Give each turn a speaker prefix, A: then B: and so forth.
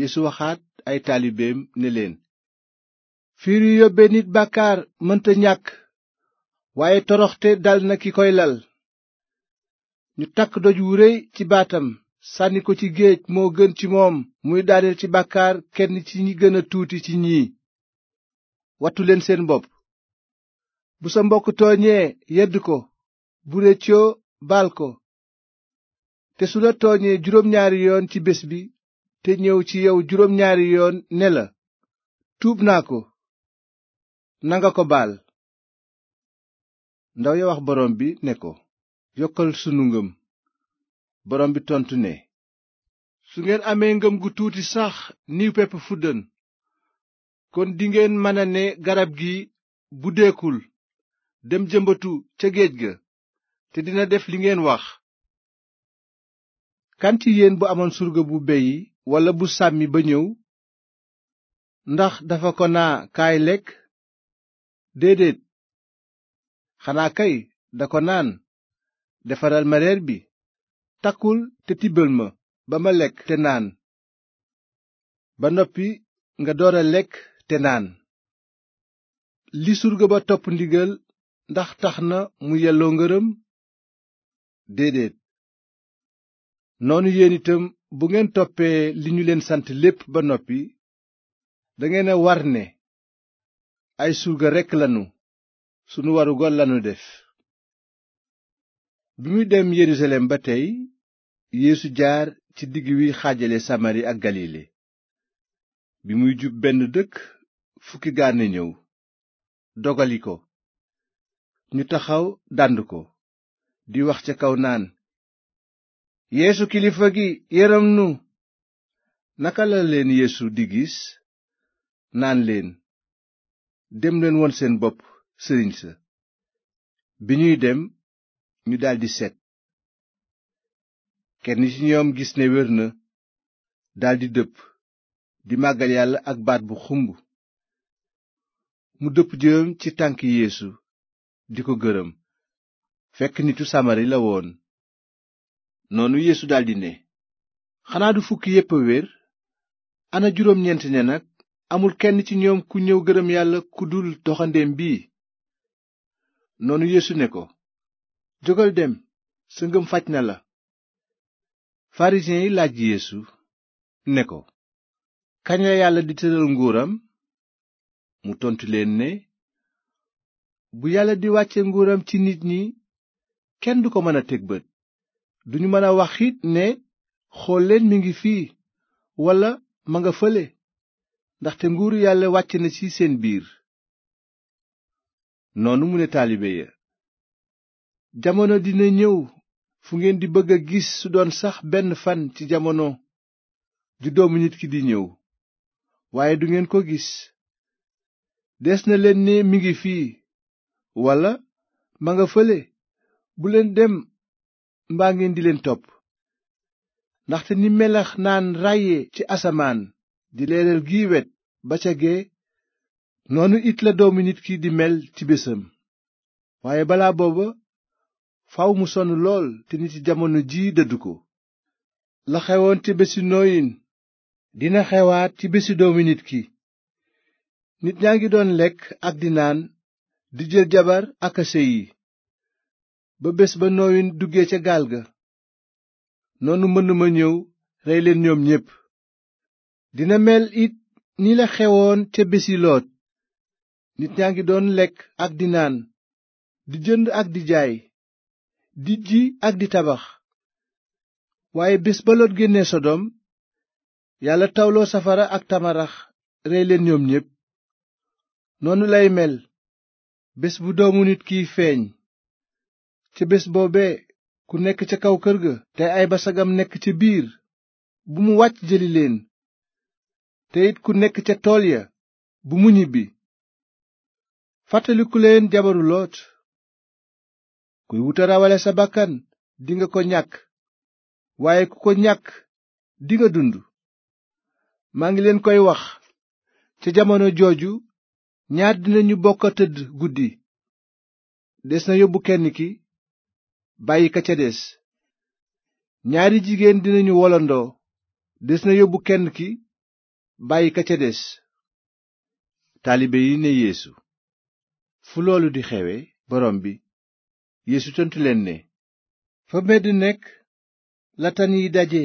A: Yeesu waxaat ay taalibeem ne leen fiir yu yóbbe nit bàkkaar mënta ñàkk waaye toroxte dal na ki koy lal ñu takk doj wu réy ci baatam sànni ko ci géej moo gën ci moom muy daaneel ci bàkkaar kenn ci ñi gën tuuti ci ñii wattu leen seen bopp bu sa mbokk tooñee yedd ko bu réccoo baal ko te su la tooñee juróom ñaari yoon ci bés bi te ñëw ci yow juróom ñaari yoon ne la tuub naa ko nanga ko baal ndaw ya wax borom bi ne ko yokkal sunu ngëm borom bi tontu ne su ngeen amee ngëm gu tuuti sax ni pepp fuddën kon dingeen mëna ne garab gi buddeekul dem jëmbatu ca géej ga te dina def li ngeen wax kan yéen bu amoon surga bu beyi walla bu sàmmi ba ñëw ndax dafa ko naa kaay lekk déedéet xanaa kay da ko naan defaral ma reer bi takkul te tibbal ma ba ma lekk te naan ba noppi nga door a lekk te naan li surgo ba topp ndigal ndax tax na mu yelloo ngërëm déedéet noonu yéen itam bu ngeen toppee li ñu leen sant lépp ba noppi dangeen a war ne ay surga rekk lanu sunu warugar lanu def bi muy dem Yerusalem ba tey Yeesu jaar ci digg wi xaajale Samari ak Galile bi muy jub benn dëkk fukki gaane ñëw dogali ko ñu taxaw dànd ko di wax ca kaw naan yéesu kilifa gi yërëm nu naka la leen yeesu di gis naan leen demleen leen seen bopp sëriñ sa bi ñuy dem ñu daldi set kenn ci ñoom gis ne wér na daldi dëpp di màggal yàlla ak baat bu xumb mu dëpp jëm ci tànk yeesu di ko gërëm fekk nitu samari la woon noonu Yeesu daldi ne xanaa du fukk yépp a wér ana juróom ñeent ña nag amul kenn ci ñoom ku ñëw gërëm yàlla ku dul doxandeem bi noonu yéesu ne ko jógal dem sa ngëm faj na la farisiyen yi laaj Yeesu ne ko kañ la yàlla di tëral nguuram mu tontu leen ne bu yàlla di wàcce nguuram ci nit ñi kenn du ko mën a teg bët ñu mën a wax ne xool leen mi ngi fii wala ma nga fële ndaxte nguuru yàlla wàcc na ci seen biir noonu mu ne taalibe ya jamono dina ñëw fu ngeen di bëgg a gis su doon sax benn fan ci jamono ju doomu nit ki di ñëw waaye du ngeen ko gis des na leen ne mi ngi fii walla ma nga fële bu leen dem mbaa ngeen di leen topp ndaxte ni melax naan ràyye ci asamaan di leeral gii wet ba ca gee noonu it la doomu nit ki di mel ci bésam waaye balaa booba faw mu sonn lool te nit jamono ji dëdd ko la xewoon ci bési nooyin dina xewaat ci bési doomu nit ki nit ñaa ngi doon lekk ak di naan di jël jabar ak a sëyi ba bés ba nooyin duggee ca gaal ga noonu mbënn ma ñëw rey leen ñoom ñépp dina mel it ni la xewoon ca bési loot nit ñaa ngi doon lekk ak di naan di jënd ak di jaay di ji ak di tabax waaye bés ba loot génnee sodom yàlla tawloo safara ak tamarax rey leen ñoom ñépp noonu lay mel bés bu doomu nit kiy feeñ ca bés boobee ku nekk ca kaw kër ga te ay basagam nekk ca biir bu mu wàcc jëli leen te it ku nekk ca tool ya bu mu ñibbi fàttaliku leen jabaru loot kuy wuta rawale sa bàkkan dinga ko ñàkk waaye ku ko ñàkk dinga dund maa ngi leen koy wax ca jamono jooju ñaar dinañu bokk a tëdd guddi des na yóbbu kenn ki bàyyi ka ca des ñaari jigéen dinañu wolandoo des na yóbbu kenn ki bàyyi ka ca des taalibe yi ne yeesu fu loolu di xewe borom bi yéesu tontu leen ne fa medd nekk la yi daje